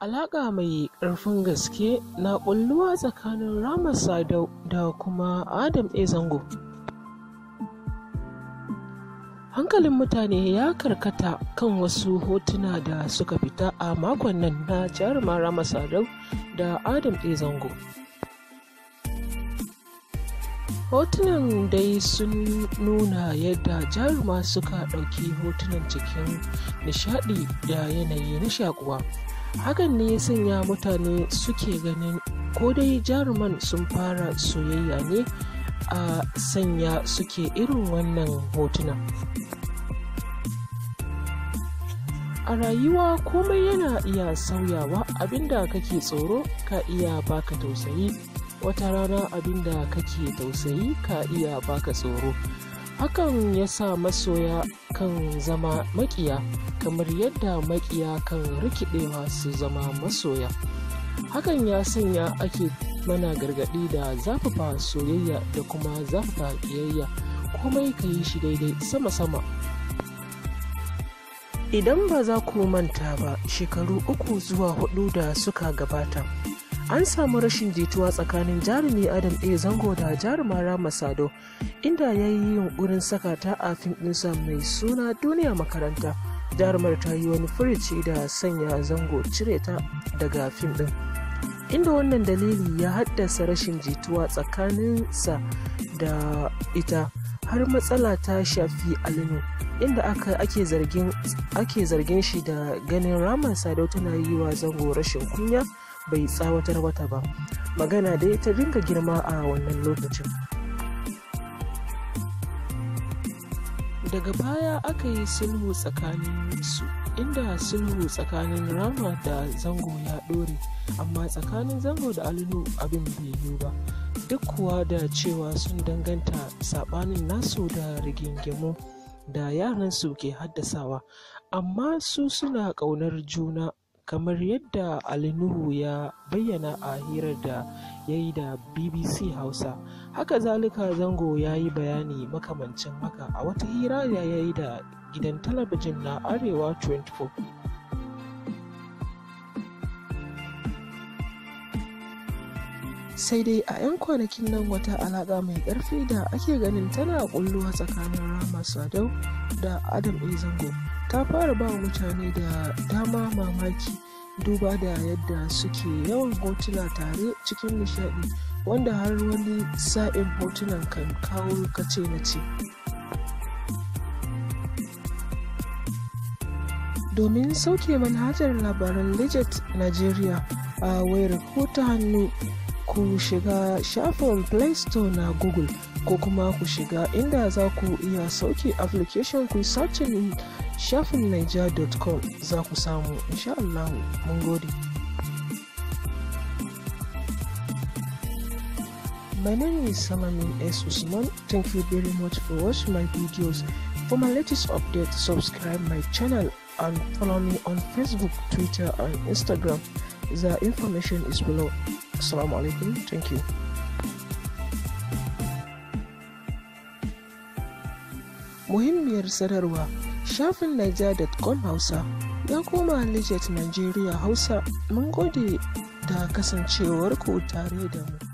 alaƙa mai ƙarfin gaske na ƙulluwa tsakanin Rama Sadau da kuma Adam A. Zango. Hankalin mutane ya karkata kan wasu hotuna da suka fita a makon nan na jaruma Rama Sadau da Adam A. Zango. hotunan dai sun nuna yadda jaruma suka ɗauki hotunan cikin nishaɗi da yanayi na shakuwa hakan ne ya sanya mutane suke ganin ko dai jaruman sun fara soyayya ne a sanya suke irin wannan hotuna a rayuwa komai yana iya sauyawa abinda kake tsoro ka iya baka tausayi wata rana abinda kake tausayi ka iya baka tsoro hakan ya sa masoya kan zama makiya kamar yadda makiya kan rikide su zama masoya hakan ya sanya ake mana gargaɗi da zafafa soyayya da kuma zafafa ƙiyayya komai ka yi shi daidai sama-sama idan ba za ku manta ba shekaru uku zuwa hudu da suka gabata an samu rashin jituwa tsakanin jarumi adam a zango da jaruma rama sado inda ya yi yunkurin saka ta a fim ɗinsa mai suna duniya makaranta jarumar ta yi wani furici da sanya zango cire ta daga fim ɗin inda wannan dalili ya haddasa rashin jituwa tsakanin sa da ita har matsala ta shafi alinu inda aka ake zargin shi da ganin rama sadau tana yi wa zango rashin kunya bai tsawatar wata ba magana dai ta dinga girma a wannan lokacin daga baya aka yi sulhu tsakanin su inda sulhu tsakanin rama da zango ya ɗore amma tsakanin zango da alinu abin bai yiwu ba duk kuwa da cewa sun danganta saɓanin nasu da rigingimu da yaran su ke haddasawa amma su suna ƙaunar juna kamar yadda Ali Nuhu ya bayyana a hirar da ya yi da BBC Hausa. Haka zalika zango ya yi bayani makamancin haka a wata hira da ya yi da gidan talabijin na Arewa 24. sai dai a 'yan kwanakin nan wata alaƙa mai ƙarfi da ake ganin tana ƙulluwa tsakanin rama sadau da adam zango ta fara ba mutane da dama mamaki duba da yadda suke yawan hotuna tare cikin nishadi wanda har wani sa'in hotunan kan kawo kace na ce domin sauke manhajar labaran legit nigeria a wayar ko ta hannu ku shiga shafin Play Store na Google ko kuma ku shiga inda za ku iya sauke application ku searching shafin niger.com za ku samu insha Allah mun gode. My name is Salamin S. Usman. Thank you very much for watching my videos. For my latest update, subscribe my channel and follow me on Facebook, Twitter and Instagram. The information is below. Assalamu alaikum. Thank you. muhimmiyar sanarwa shafin niger.com hausa ya koma legit nigeria hausa mun gode da ku tare da mu